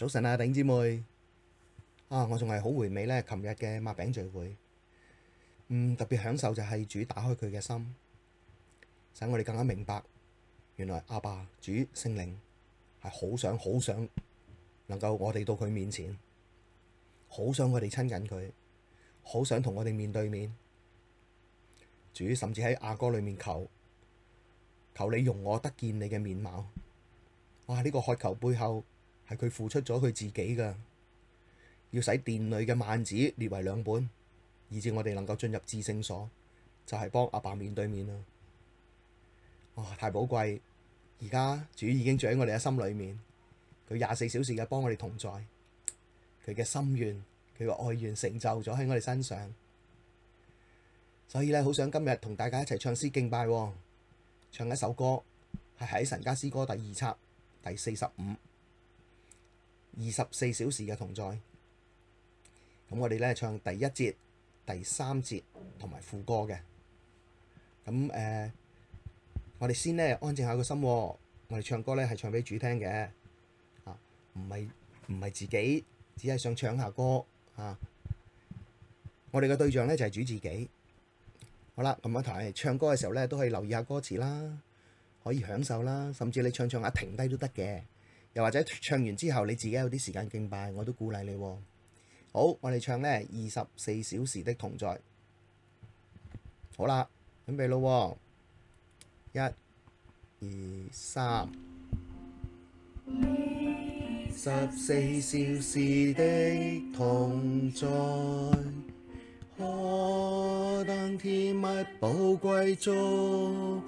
早晨啊，弟兄姊妹啊，我仲係好回味呢。琴日嘅擘餅聚會，嗯，特別享受就係主打開佢嘅心，使我哋更加明白，原來阿爸主聖靈係好想好想能夠我哋到佢面前，好想我哋親近佢，好想同我哋面對面。主甚至喺雅歌裏面求，求你容我得見你嘅面貌。哇、啊！呢、這個渴求背後。係佢付出咗佢自己噶，要使殿裏嘅幔子列為兩半，以致我哋能夠進入至聖所，就係、是、幫阿爸，爸面對面啦。哇、哦！太寶貴，而家主已經住喺我哋嘅心裏面，佢廿四小時嘅幫我哋同在，佢嘅心願，佢嘅愛願成就咗喺我哋身上。所以咧，好想今日同大家一齊唱詩敬拜，唱一首歌係喺神家詩歌第二冊第四十五。二十四小時嘅同在，咁我哋咧唱第一節、第三節同埋副歌嘅。咁誒、呃，我哋先呢安靜下個心、哦，我哋唱歌呢係唱俾主聽嘅，啊，唔係唔係自己，只係想唱下歌啊。我哋嘅對象呢就係主自己。好啦，咁啊，同你唱歌嘅時候呢都可以留意下歌詞啦，可以享受啦，甚至你唱唱下停低都得嘅。又或者唱完之後你自己有啲時間敬拜，我都鼓勵你、哦。好，我哋唱呢二十四小時的同在。好啦，準備咯，一、二、三，二十四小時的同在，何等甜蜜寶貴祝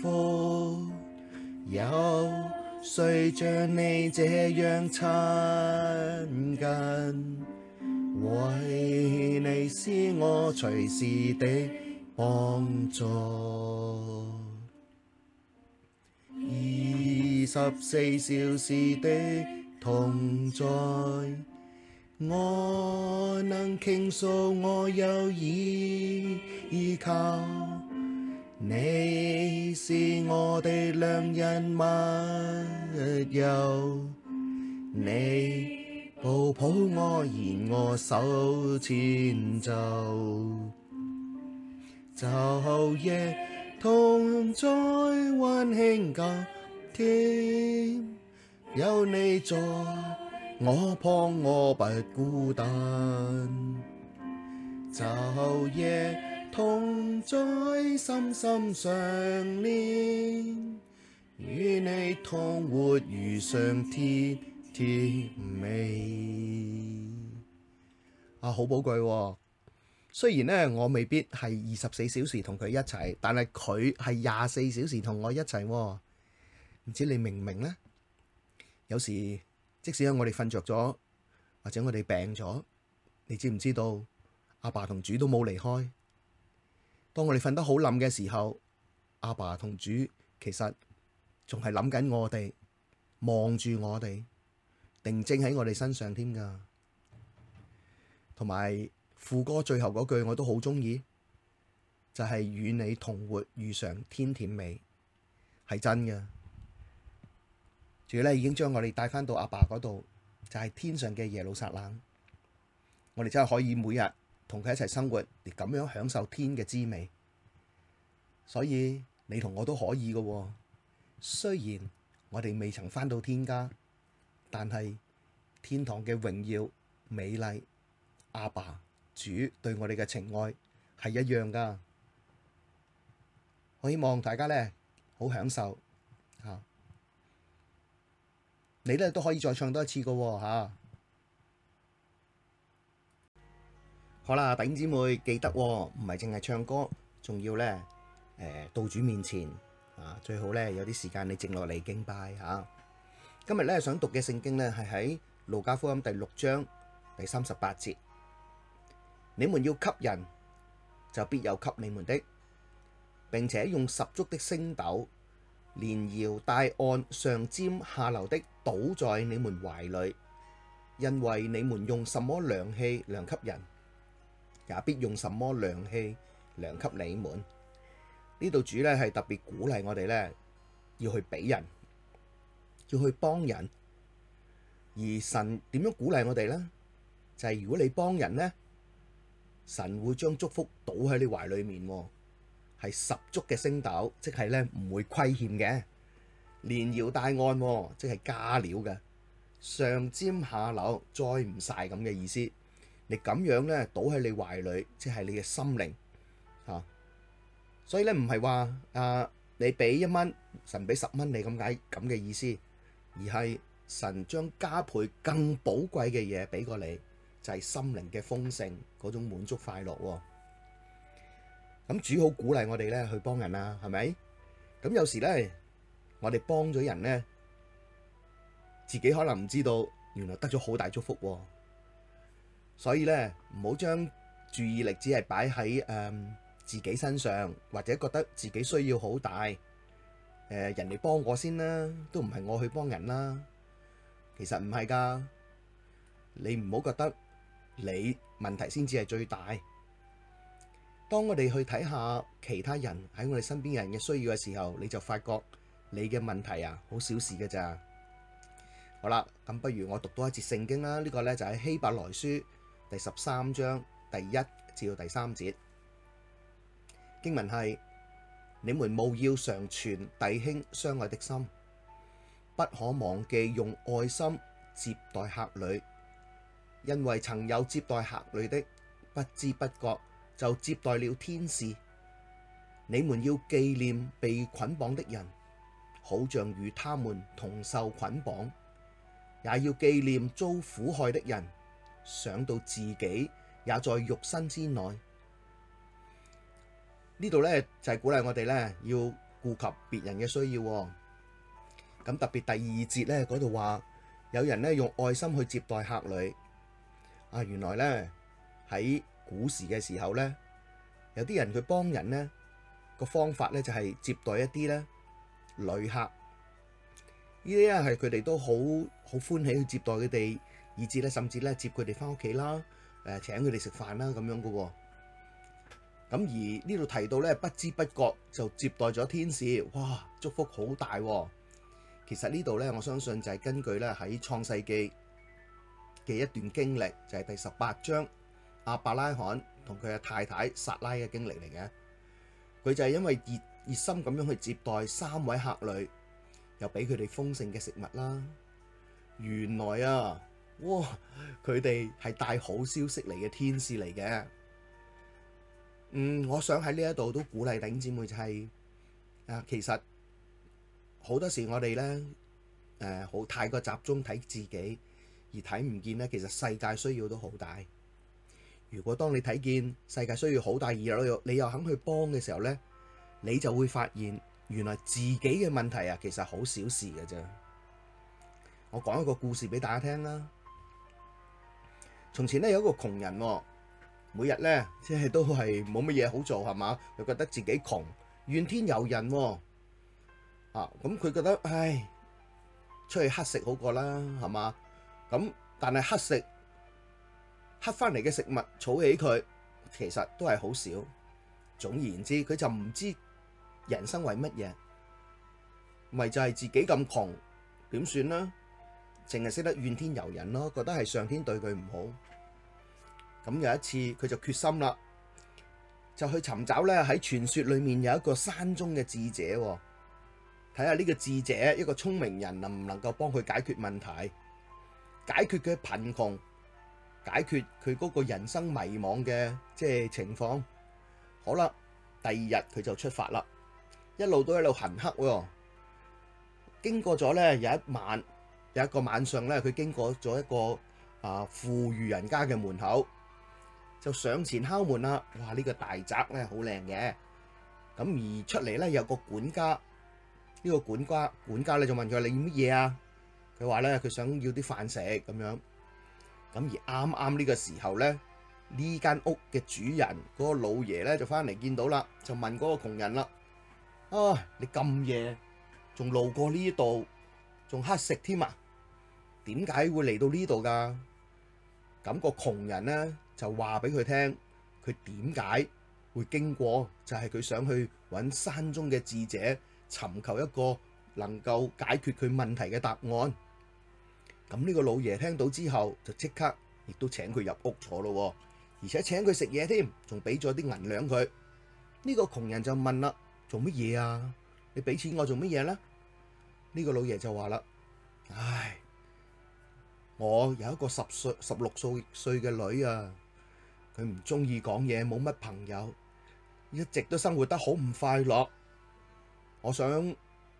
福，有誰像你這樣親近，唯你是我隨時的幫助，二十四小時的同在，我能傾訴，我有倚靠。你是我的良人，密友，你保抱我，而我手前走，晝夜同在溫馨，甘甜，有你在我旁，我不孤單，晝夜，同在心心相連，與你同活預嘗天甜美啊！好寶貴喎，雖然呢，我未必係二十四小時同佢一齊，但係佢係廿四小時同我一齊喎。唔知你明唔明呢？有時即使我哋瞓着咗，或者我哋病咗，你知唔知道？阿爸同主都冇離開。當我哋瞓得好冧嘅時候，阿爸同主其實仲係諗緊我哋，望住我哋，定睛喺我哋身上添㗎，同埋副歌最後嗰句我都好中意，就係、是、與你同活預嘗天甜美，係真嘅。主咧已經將我哋帶翻到阿爸嗰度，就係、是、天上嘅耶路撒冷，我哋真係可以每日。同佢一齊生活，嚟咁樣享受天嘅滋味。所以你同我都可以噶、哦，雖然我哋未曾返到天家，但係天堂嘅榮耀、美麗，阿爸主對我哋嘅情愛係一樣噶。我希望大家咧好享受吓、啊，你咧都可以再唱多一次噶吓、哦。啊。好啦，弟兄姊妹記得唔係淨係唱歌，仲要呢，誒、呃，到主面前啊，最好呢，有啲時間你靜落嚟，敬拜吓。今日呢，想讀嘅聖經呢，係喺路加福音第六章第三十八節，你們要給人，就必有給你們的，並且用十足的升斗，連搖帶按，上尖下流，的倒在你們懷裡，因為你們用什麼量器量給人。也必用什麼量器量給你們。呢度主咧係特別鼓勵我哋咧，要去俾人，要去幫人。而神點樣鼓勵我哋咧？就係、是、如果你幫人咧，神會將祝福倒喺你懷裡面，係十足嘅升斗，即係咧唔會虧欠嘅，連搖帶按，即係加料嘅，上尖下流，載唔晒咁嘅意思。你咁樣咧倒喺你懷裡，即係你嘅心靈啊！所以咧唔係話啊，你俾一蚊，神俾十蚊你咁解咁嘅意思，而係神將加倍更寶貴嘅嘢俾過你，就係心靈嘅豐盛，嗰種滿足快樂。咁主好鼓勵我哋咧去幫人啦，係咪？咁有時咧，我哋幫咗人咧，自己可能唔知道，原來得咗好大祝福。所以咧，唔好將注意力只係擺喺誒自己身上，或者覺得自己需要好大誒、呃、人哋幫我先啦，都唔係我去幫人啦。其實唔係㗎，你唔好覺得你問題先至係最大。當我哋去睇下其他人喺我哋身邊嘅人嘅需要嘅時候，你就發覺你嘅問題啊，好小事㗎咋。好啦，咁不如我讀多一節聖經啦。呢、呢個呢，就係希伯來書。第十三章第一至到第三節經文係：你們務要常存弟兄相愛的心，不可忘記用愛心接待客旅。因為曾有接待客旅的，不知不覺就接待了天使。你們要紀念被捆綁的人，好像與他們同受捆綁；也要紀念遭苦害的人。想到自己也在肉身之內，呢度咧就係鼓勵我哋咧要顧及別人嘅需要。咁特別第二節咧嗰度話，有人咧用愛心去接待客旅。啊，原來咧喺古時嘅時候咧，有啲人去幫人咧個方法咧就係接待一啲咧旅客。呢啲啊係佢哋都好好歡喜去接待佢哋。以至咧，甚至咧接佢哋返屋企啦，誒、呃、請佢哋食飯啦，咁樣㗎喎，哦。咁而呢度提到咧，不知不覺就接待咗天使，哇！祝福好大，哦。其實呢度咧，我相信就係根據咧喺創世記嘅一段經歷，就係、是、第十八章阿伯拉罕同佢嘅太太撒拉嘅經歷嚟嘅。佢就係因為熱熱心咁樣去接待三位客旅，又俾佢哋豐盛嘅食物啦。原來啊！哇！佢哋係帶好消息嚟嘅，天使嚟嘅。嗯，我想喺呢一度都鼓勵頂姊妹就係、是、啊，其實好多時我哋咧誒好太過集中睇自己，而睇唔見呢。其實世界需要都好大。如果當你睇見世界需要好大而你你又肯去幫嘅時候呢，你就會發現原來自己嘅問題啊，其實好小事嘅啫。我講一個故事俾大家聽啦。從前咧有一個窮人，每日咧即係都係冇乜嘢好做係嘛，又覺得自己窮，怨天尤人，啊咁佢覺得唉，出去乞食好過啦係嘛，咁但係乞食乞翻嚟嘅食物儲起佢，其實都係好少。總言之，佢就唔知人生為乜嘢，咪就係、是、自己咁窮，點算啦？淨係識得怨天尤人咯，覺得係上天對佢唔好。咁有一次，佢就決心啦，就去尋找咧喺傳說裏面有一個山中嘅智者、哦、智者，睇下呢個智者一個聰明人能唔能夠幫佢解決問題，解決佢貧窮，解決佢嗰個人生迷茫嘅即係情況。好啦，第二日佢就出發啦，一路都一路行黑喎，哦，經過咗咧有一晚。有一個晚上咧，佢經過咗一個啊富裕人家嘅門口，就上前敲門啦。哇！呢個大宅咧好靚嘅，咁而出嚟咧有個管家，呢個管家管家咧就問佢：你要乜嘢啊？佢話咧佢想要啲飯食咁樣。咁而啱啱呢個時候咧，呢間屋嘅主人嗰個老爺咧就翻嚟見到啦，就問嗰個窮人啦：啊，你咁夜仲路過呢度，仲乞食添啊！點解會嚟到呢度㗎？咁、那個窮人呢，就話俾佢聽，佢點解會經過，就係佢想去揾山中嘅智者，尋求一個能夠解決佢問題嘅答案。咁呢個老爺聽到之後，就即刻亦都請佢入屋坐咯，而且請佢食嘢添，仲俾咗啲銀兩佢。呢、這個窮人就問啦：做乜嘢啊？你俾錢我做乜嘢咧？呢、這個老爺就話啦：唉。我有一個十歲、十六歲歲嘅女啊，佢唔中意講嘢，冇乜朋友，一直都生活得好唔快樂。我想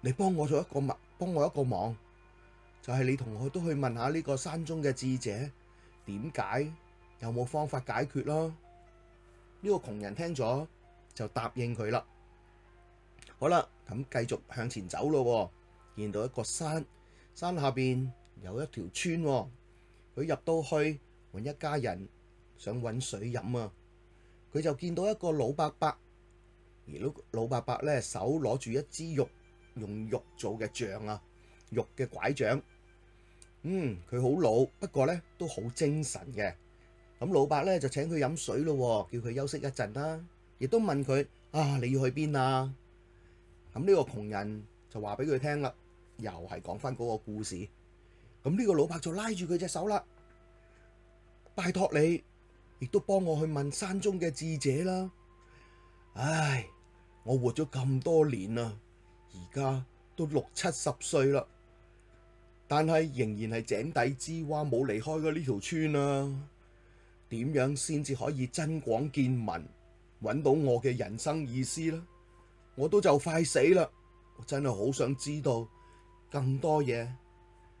你幫我做一個忙，幫我一個忙，就係你同我都去問下呢個山中嘅智者，點解有冇方法解決咯。呢個窮人聽咗就答應佢啦。好啦，咁繼續向前走咯，見到一個山，山下邊。有一條村、哦，佢入到去揾一家人，想揾水飲啊。佢就見到一個老伯伯，而呢老伯伯咧手攞住一支玉，用玉做嘅杖啊，玉嘅拐杖。嗯，佢好老，不過咧都好精神嘅。咁老伯咧就請佢飲水咯、哦，叫佢休息一陣啦、啊。亦都問佢啊，你要去邊啊？咁呢個窮人就話俾佢聽啦，又係講翻嗰個故事。咁呢個老伯就拉住佢隻手啦，拜託你，亦都幫我去問山中嘅智者啦。唉，我活咗咁多年啦，而家都六七十歲啦，但係仍然係井底之蛙，冇離開過呢條村啦、啊。點樣先至可以增廣見聞，搵到我嘅人生意思咧？我都就快死啦，我真係好想知道更多嘢。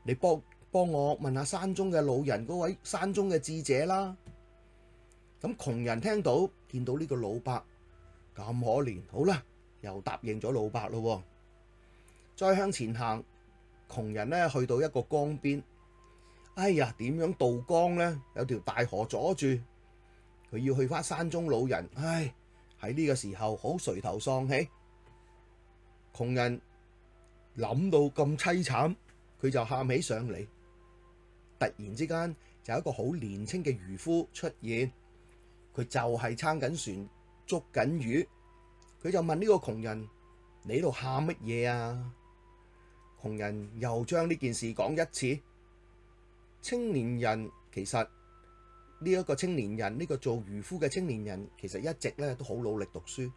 你幫？幫我問下山中嘅老人，嗰位山中嘅智者啦。咁窮人聽到見到呢個老伯咁可憐，好啦，又答應咗老伯咯。再向前行，窮人呢去到一個江邊，哎呀，點樣渡江呢？有條大河阻住，佢要去返山中老人。唉、哎，喺呢個時候好垂頭喪氣。窮人諗到咁淒慘，佢就喊起上嚟。突然之間就有一個好年輕嘅漁夫出現，佢就係撐緊船捉緊魚，佢就問呢個窮人：你度喊乜嘢啊？窮人又將呢件事講一次。青年人其實呢一個青年人呢個做漁夫嘅青年人，其實一直咧都好努力讀書，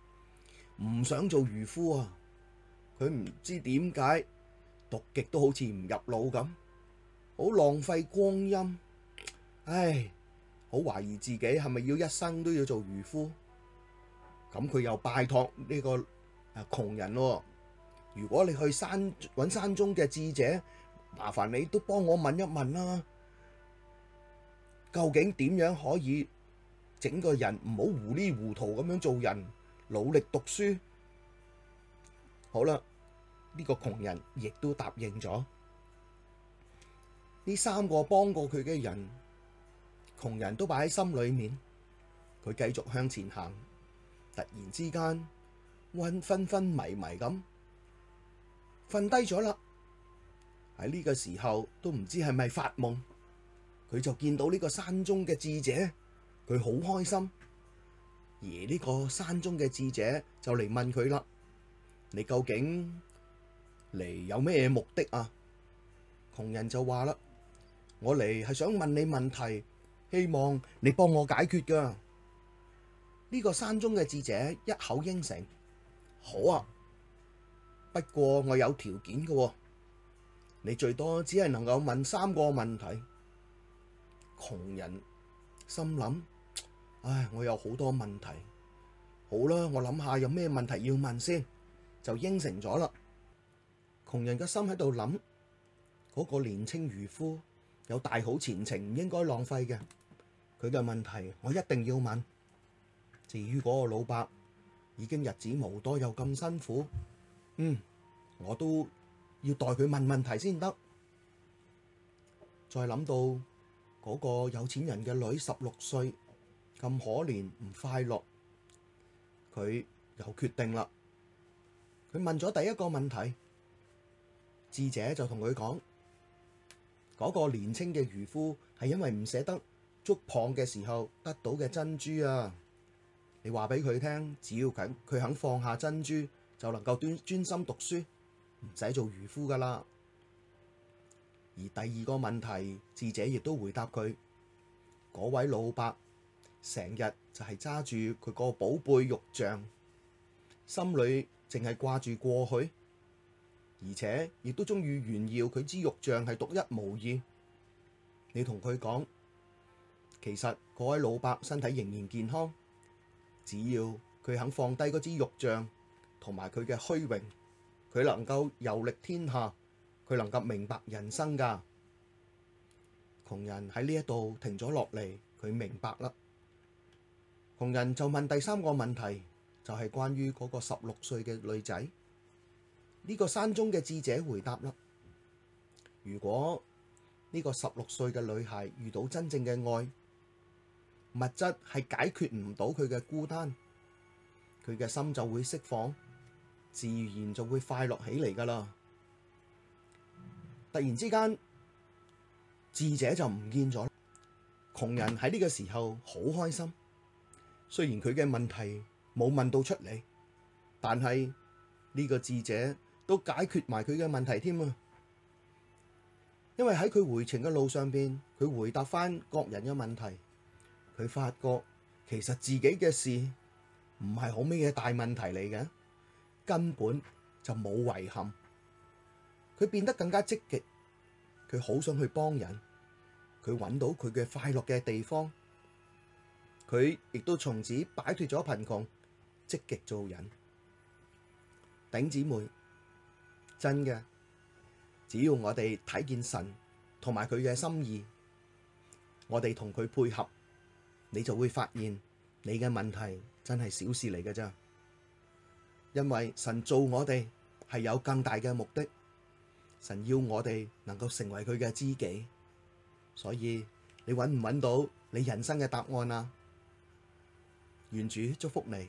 唔想做漁夫啊！佢唔知點解讀極都好似唔入腦咁。好浪費光陰，唉！好懷疑自己係咪要一生都要做漁夫？咁佢又拜託呢個啊窮人喎，如果你去山搵山中嘅智者，麻煩你都幫我問一問啦、啊，究竟點樣可以整個人唔好糊裏糊塗咁樣做人，努力讀書。好啦，呢、這個窮人亦都答應咗。呢三個幫過佢嘅人，窮人都擺喺心裏面。佢繼續向前行，突然之間暈昏昏迷迷咁瞓低咗啦。喺呢個時候都唔知係咪發夢，佢就見到呢個山中嘅智者，佢好開心。而呢個山中嘅智者就嚟問佢啦：你究竟嚟有咩目的啊？窮人就話啦。我嚟係想問你問題，希望你幫我解決噶。呢個山中嘅智者一口應承，好啊。不過我有條件噶喎，你最多只係能夠問三個問題。窮人心諗：唉，我有好多問題。好啦，我諗下有咩問題要問先，就應承咗啦。窮人嘅心喺度諗，嗰個年青漁夫。有大好前程，唔應該浪費嘅。佢嘅問題，我一定要問。至於嗰個老伯，已經日子無多，又咁辛苦，嗯，我都要代佢問問題先得。再諗到嗰個有錢人嘅女十六歲，咁可憐唔快樂，佢又決定啦。佢問咗第一個問題，智者就同佢講。嗰個年輕嘅漁夫係因為唔捨得捉蚌嘅時候得到嘅珍珠啊！你話俾佢聽，只要佢佢肯放下珍珠，就能夠專專心讀書，唔使做漁夫㗎喇。而第二個問題，智者亦都回答佢：嗰位老伯成日就係揸住佢個寶貝玉像，心裏淨係掛住過去。而且亦都中意炫耀佢支玉像係獨一無二。你同佢講，其實嗰位老伯身體仍然健康，只要佢肯放低嗰支玉像同埋佢嘅虛榮，佢能夠遊歷天下，佢能夠明白人生㗎。窮人喺呢一度停咗落嚟，佢明白啦。窮人就問第三個問題，就係關於嗰個十六歲嘅女仔。呢個山中嘅智者回答啦：如果呢個十六歲嘅女孩遇到真正嘅愛，物質係解決唔到佢嘅孤單，佢嘅心就會釋放，自然就會快樂起嚟㗎啦！突然之間，智者就唔見咗。窮人喺呢個時候好開心，雖然佢嘅問題冇問到出嚟，但係呢個智者，都解決埋佢嘅問題添啊！因為喺佢回程嘅路上邊，佢回答翻各人嘅問題，佢發覺其實自己嘅事唔係好咩嘅大問題嚟嘅，根本就冇遺憾。佢變得更加積極，佢好想去幫人，佢揾到佢嘅快樂嘅地方，佢亦都從此擺脫咗貧窮，積極做人。頂姊妹。真嘅，只要我哋睇見神同埋佢嘅心意，我哋同佢配合，你就會發現你嘅問題真係小事嚟嘅啫。因為神做我哋係有更大嘅目的，神要我哋能夠成為佢嘅知己。所以你揾唔揾到你人生嘅答案啊？願主祝福你。